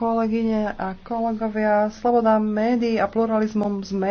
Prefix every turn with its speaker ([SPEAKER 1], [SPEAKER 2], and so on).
[SPEAKER 1] kolegyne a kolegovia. Sloboda médií a pluralizmom z médií